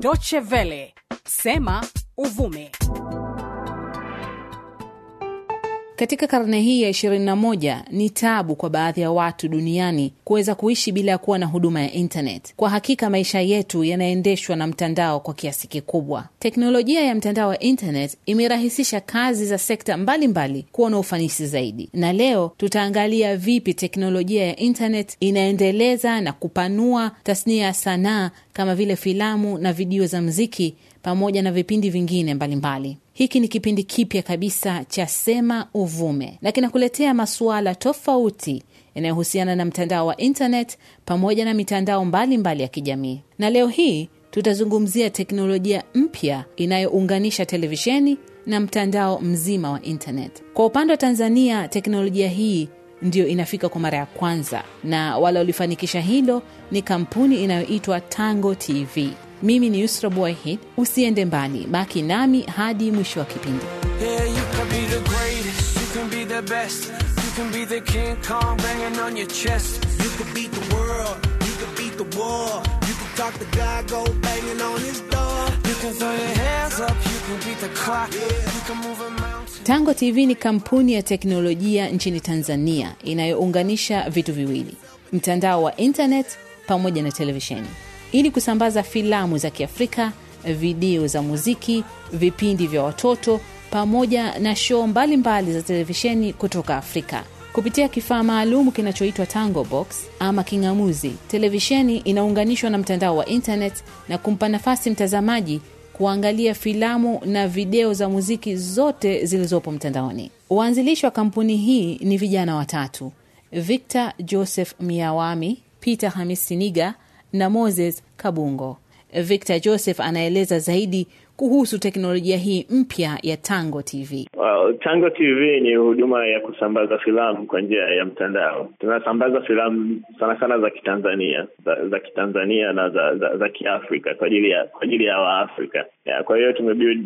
Doche Vele, sema uvume. Katika karne hii ya 21 ni tabu kwa baadhi ya watu duniani kuweza kuishi bila ya kuwa na huduma ya internet. Kwa hakika maisha yetu yanaendeshwa na mtandao kwa kiasi kikubwa. Teknolojia ya mtandao wa internet imerahisisha kazi za sekta mbalimbali kuwa na ufanisi zaidi, na leo tutaangalia vipi teknolojia ya internet inaendeleza na kupanua tasnia ya sanaa kama vile filamu na video za mziki pamoja na vipindi vingine mbalimbali mbali. Hiki ni kipindi kipya kabisa cha Sema Uvume na kinakuletea masuala tofauti yanayohusiana na mtandao wa internet pamoja na mitandao mbalimbali mbali ya kijamii. Na leo hii tutazungumzia teknolojia mpya inayounganisha televisheni na mtandao mzima wa internet. Kwa upande wa Tanzania, teknolojia hii ndiyo inafika kwa mara ya kwanza, na wale walifanikisha hilo ni kampuni inayoitwa Tango TV. Mimi ni Yusra Boyhead. Usiende mbali, baki nami hadi mwisho wa kipindi. Tango TV ni kampuni ya teknolojia nchini Tanzania inayounganisha vitu viwili, mtandao wa internet pamoja na televisheni ili kusambaza filamu za Kiafrika, video za muziki, vipindi vya watoto pamoja na shoo mbalimbali za televisheni kutoka Afrika kupitia kifaa maalum kinachoitwa Tango Box ama king'amuzi. Televisheni inaunganishwa na mtandao wa internet na kumpa nafasi mtazamaji kuangalia filamu na video za muziki zote zilizopo mtandaoni. Waanzilishi wa kampuni hii ni vijana watatu: Victor Joseph Miawami, Peter Hamis na Moses Kabungo. Victor Joseph anaeleza zaidi kuhusu teknolojia hii mpya ya Tango TV. Well, Tango TV ni huduma ya kusambaza filamu kwa njia ya mtandao. Tunasambaza filamu sana sana za Kitanzania za, za Kitanzania na za za, za Kiafrika kwa ajili ya kwa ajili ya Waafrika. Kwa hiyo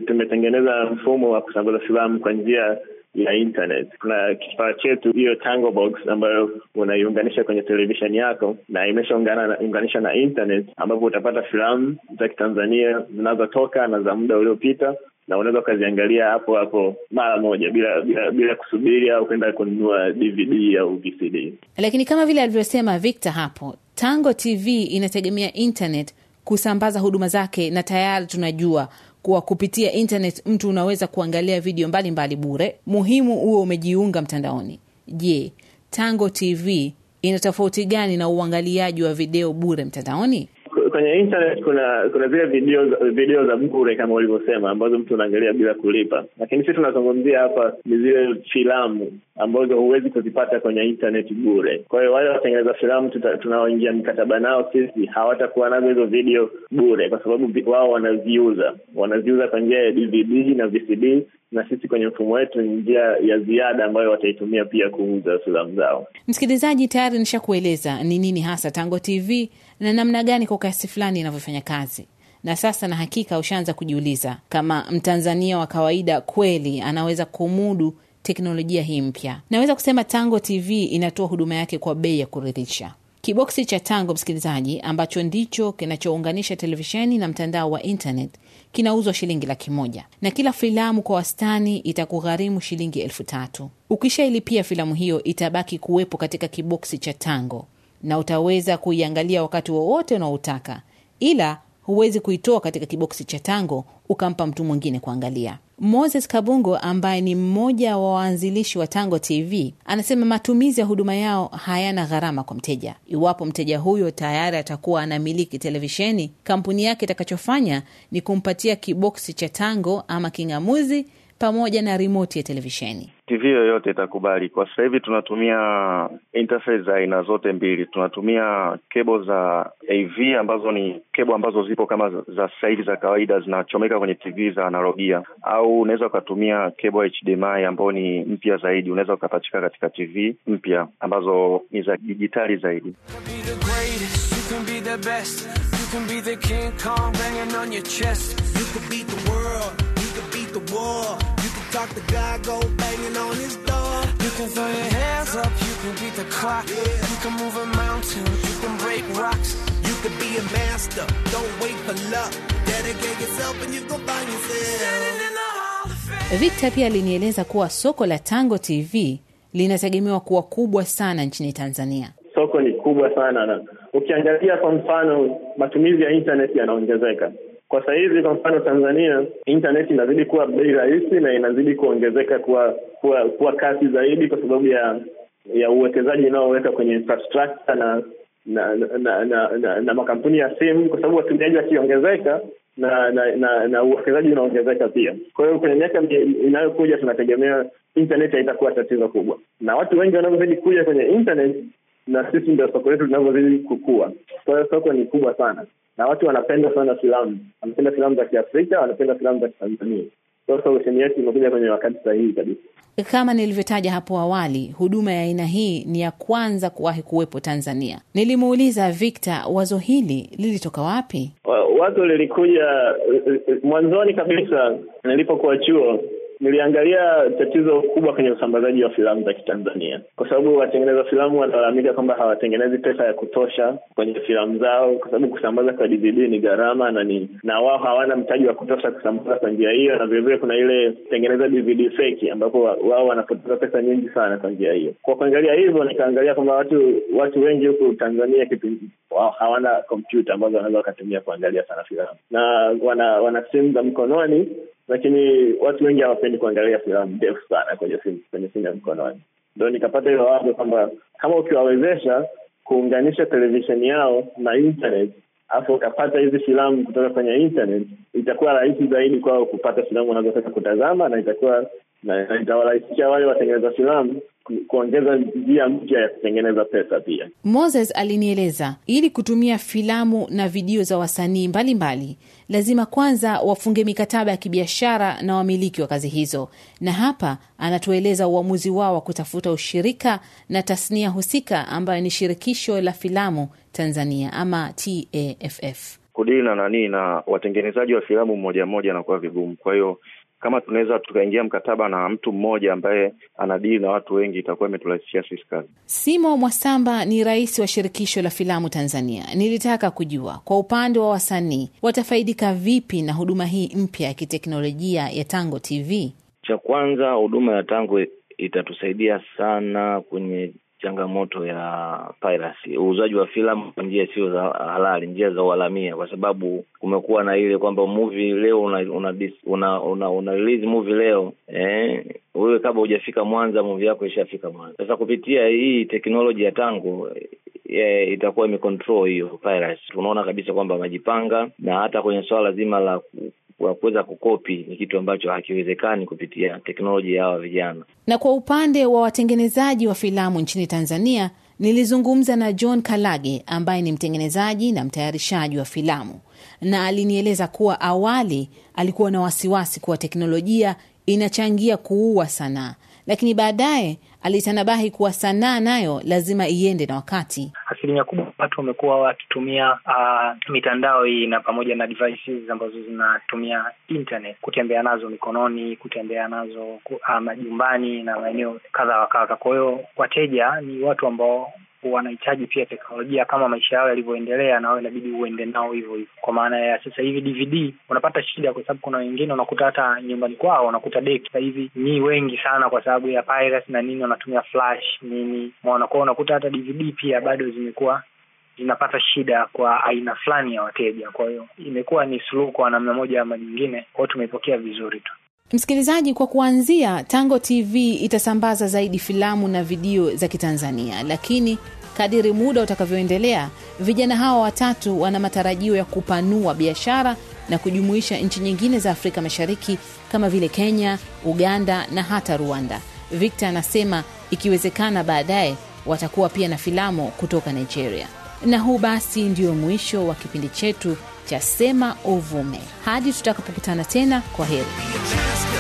tumetengeneza mfumo wa kusambaza filamu kwa njia ya internet. Kuna kifaa chetu hiyo Tango Box ambayo unaiunganisha kwenye televisheni yako na imeshaunganisha na internet, ambapo utapata filamu za Kitanzania zinazotoka na za muda uliopita na unaweza ukaziangalia hapo hapo mara moja bila bila, bila kusubiri au kwenda kununua DVD au VCD. Lakini kama vile alivyosema Victor hapo, Tango TV inategemea internet kusambaza huduma zake, na tayari tunajua kuwa kupitia internet mtu unaweza kuangalia video mbalimbali mbali bure, muhimu huo umejiunga mtandaoni. Je, Tango TV ina tofauti gani na uangaliaji wa video bure mtandaoni? kwenye internet kuna kuna zile video video za bure kama ulivyosema, ambazo mtu unaangalia bila kulipa, lakini sisi tunazungumzia hapa ni zile filamu ambazo huwezi kuzipata kwenye internet bure. Kwa hiyo wale watengeneza filamu tunaoingia mkataba nao sisi hawatakuwa nazo hizo video bure, kwa sababu wao wanaziuza, wanaziuza kwa njia ya DVD na VCD na sisi kwenye mfumo wetu ni njia ya ziada ambayo wataitumia pia kuuza filamu zao. Msikilizaji, tayari nishakueleza ni nini hasa Tango TV na namna gani kwa kasi fulani inavyofanya kazi na sasa na hakika ushaanza kujiuliza kama Mtanzania wa kawaida kweli anaweza kumudu teknolojia hii mpya. Naweza kusema Tango TV inatoa huduma yake kwa bei ya kuridhisha. Kiboksi cha Tango, msikilizaji, ambacho ndicho kinachounganisha televisheni na mtandao wa intnet kinauzwa shilingi laki moja na kila filamu kwa wastani itakugharimu shilingi elfu tatu. Ukishailipia filamu hiyo itabaki kuwepo katika kiboksi cha Tango na utaweza kuiangalia wakati wowote unaotaka, ila huwezi kuitoa katika kiboksi cha tango ukampa mtu mwingine kuangalia. Moses Kabungo ambaye ni mmoja wa waanzilishi wa Tango TV anasema matumizi ya huduma yao hayana gharama kwa mteja. Iwapo mteja huyo tayari atakuwa anamiliki televisheni, kampuni yake itakachofanya ni kumpatia kiboksi cha tango ama king'amuzi pamoja na rimoti ya televisheni. TV yoyote itakubali. Kwa sasa hivi tunatumia interface za aina zote mbili, tunatumia kebo za AV ambazo ni kebo ambazo zipo kama za sasa hivi za kawaida zinachomeka kwenye TV za analogia, au unaweza ukatumia kebo HDMI ambao ni mpya zaidi, unaweza ukapachika katika TV mpya ambazo ni za dijitali zaidi talk to God, go banging on his door. You can throw your hands up, you can beat the clock. Yeah. You can move a mountain, you can break rocks. You can be a master, don't wait for luck. Dedicate yourself and you go find yourself. Victor pia alinieleza kuwa soko la Tango TV linategemewa kuwa kubwa sana nchini Tanzania. Soko ni kubwa sana na ukiangalia, kwa mfano, matumizi ya internet yanaongezeka kwa sahizi kwa mfano Tanzania internet inazidi kuwa bei rahisi na inazidi kuongezeka kuwa kuwa, kuwa kasi zaidi kwa sababu ya ya uwekezaji unaoweka kwenye infrastructure na na na, na, na, na, na makampuni ya simu kwa sababu watumiaji wakiongezeka na na na, na uwekezaji unaongezeka pia. Kwa hiyo kwenye miaka inayokuja tunategemea internet haitakuwa tatizo kubwa, na watu wengi wanavyozidi kuja kwenye internet na sisi ndio soko letu linavyozidi kukua. Kwa hiyo soko ni kubwa sana na watu wanapenda sana filamu, wanapenda filamu za Kiafrika, wanapenda filamu za Kitanzania. Sasa usheni yetu imekuja kwenye wakati sahihi kabisa. Kama nilivyotaja hapo awali, huduma ya aina hii ni ya kwanza kuwahi kuwepo Tanzania. Nilimuuliza Victor wazo hili lilitoka wapi? Wazo lilikuja eh, eh, mwanzoni kabisa nilipokuwa chuo niliangalia tatizo kubwa kwenye usambazaji wa filamu za Kitanzania, kwa sababu watengeneza filamu wanalalamika kwamba hawatengenezi pesa ya kutosha kwenye filamu zao, kwa sababu kusambaza kwa DVD ni gharama na ni na wao hawana mtaji wa kutosha kusambaza kwa njia hiyo, na vilevile kuna ile tengeneza DVD feki ambapo wao wanapoteza pesa nyingi sana kwa njia hiyo. Kwa kuangalia hivyo, nikaangalia kwamba watu watu wengi huku Tanzania kipindi hawana kompyuta ambazo wanaweza wakatumia kuangalia sana filamu na wana wana simu za mkononi lakini watu wengi hawapendi kuangalia filamu ndefu sana kwenye simu kwenye simu ya mkononi. Ndo nikapata hilo wazo kwamba kama ukiwawezesha kuunganisha televisheni yao na internet alafu ukapata hizi filamu kutoka kwenye internet, itakuwa rahisi zaidi kwao kupata filamu wanazotaka kutazama na itakuwa na itawarahisisha wale watengeneza filamu kuongeza njia mpya ya kutengeneza pesa. Pia Moses alinieleza, ili kutumia filamu na video za wasanii mbalimbali, lazima kwanza wafunge mikataba ya kibiashara na wamiliki wa kazi hizo, na hapa anatueleza uamuzi wao wa kutafuta ushirika na tasnia husika ambayo ni Shirikisho la Filamu Tanzania ama TAFF. Kudili na nani na watengenezaji wa filamu mmoja mmoja anakuwa vigumu, kwa hiyo kama tunaweza tukaingia mkataba na mtu mmoja ambaye anadili na watu wengi, itakuwa imeturahisishia sisi kazi. Simo Mwasamba ni rais wa shirikisho la filamu Tanzania. Nilitaka kujua kwa upande wa wasanii watafaidika vipi na huduma hii mpya ya kiteknolojia ya Tango TV. Cha kwanza, huduma ya Tango itatusaidia sana kwenye changamoto ya piracy, uuzaji wa filamu kwa njia sio za halali, njia za uharamia, kwa sababu kumekuwa na ile kwamba movie leo una una, una, una, una release movie leo eh, wewe kabla hujafika Mwanza movie yako ishafika Mwanza. Sasa kupitia hii teknoloji ya Tango Yeah, itakuwa imecontrol hiyo piracy. Tunaona kabisa kwamba wamejipanga na hata kwenye swala zima la wa kuweza kukopi ni kitu ambacho hakiwezekani kupitia teknolojia ya hawa vijana. Na kwa upande wa watengenezaji wa filamu nchini Tanzania, nilizungumza na John Kalage ambaye ni mtengenezaji na mtayarishaji wa filamu, na alinieleza kuwa awali alikuwa na wasiwasi kuwa teknolojia inachangia kuua sanaa, lakini baadaye alitanabahi kuwa sanaa nayo lazima iende na wakati asilimia kubwa watu wamekuwa wakitumia uh, mitandao hii na pamoja na devices ambazo zinatumia internet kutembea nazo mikononi, kutembea nazo ah, majumbani na maeneo kadha wa kadha. Kwa hiyo wateja ni watu ambao wanahitaji pia teknolojia kama maisha yao yalivyoendelea, na wao inabidi uende nao hivyo hivyo. Kwa maana ya sasa hivi DVD unapata shida, kwa sababu kuna wengine unakuta hata nyumbani kwao unakuta deki sasa hivi ni wengi sana, kwa sababu ya piracy na nini, wanatumia flash nini, kwao unakuta hata DVD pia bado zimekuwa zinapata shida kwa aina fulani ya wateja. Kwa hiyo imekuwa ni suluhu kwa namna moja ama nyingine, kwao tumeipokea vizuri tu. Msikilizaji, kwa kuanzia, Tango TV itasambaza zaidi filamu na video za Kitanzania, lakini kadiri muda utakavyoendelea, vijana hawa watatu wana matarajio ya kupanua biashara na kujumuisha nchi nyingine za Afrika Mashariki kama vile Kenya, Uganda na hata Rwanda. Victor anasema ikiwezekana baadaye watakuwa pia na filamu kutoka Nigeria. Na huu basi ndio mwisho wa kipindi chetu cha Sema Uvume. Hadi tutakapokutana tena, kwa heri.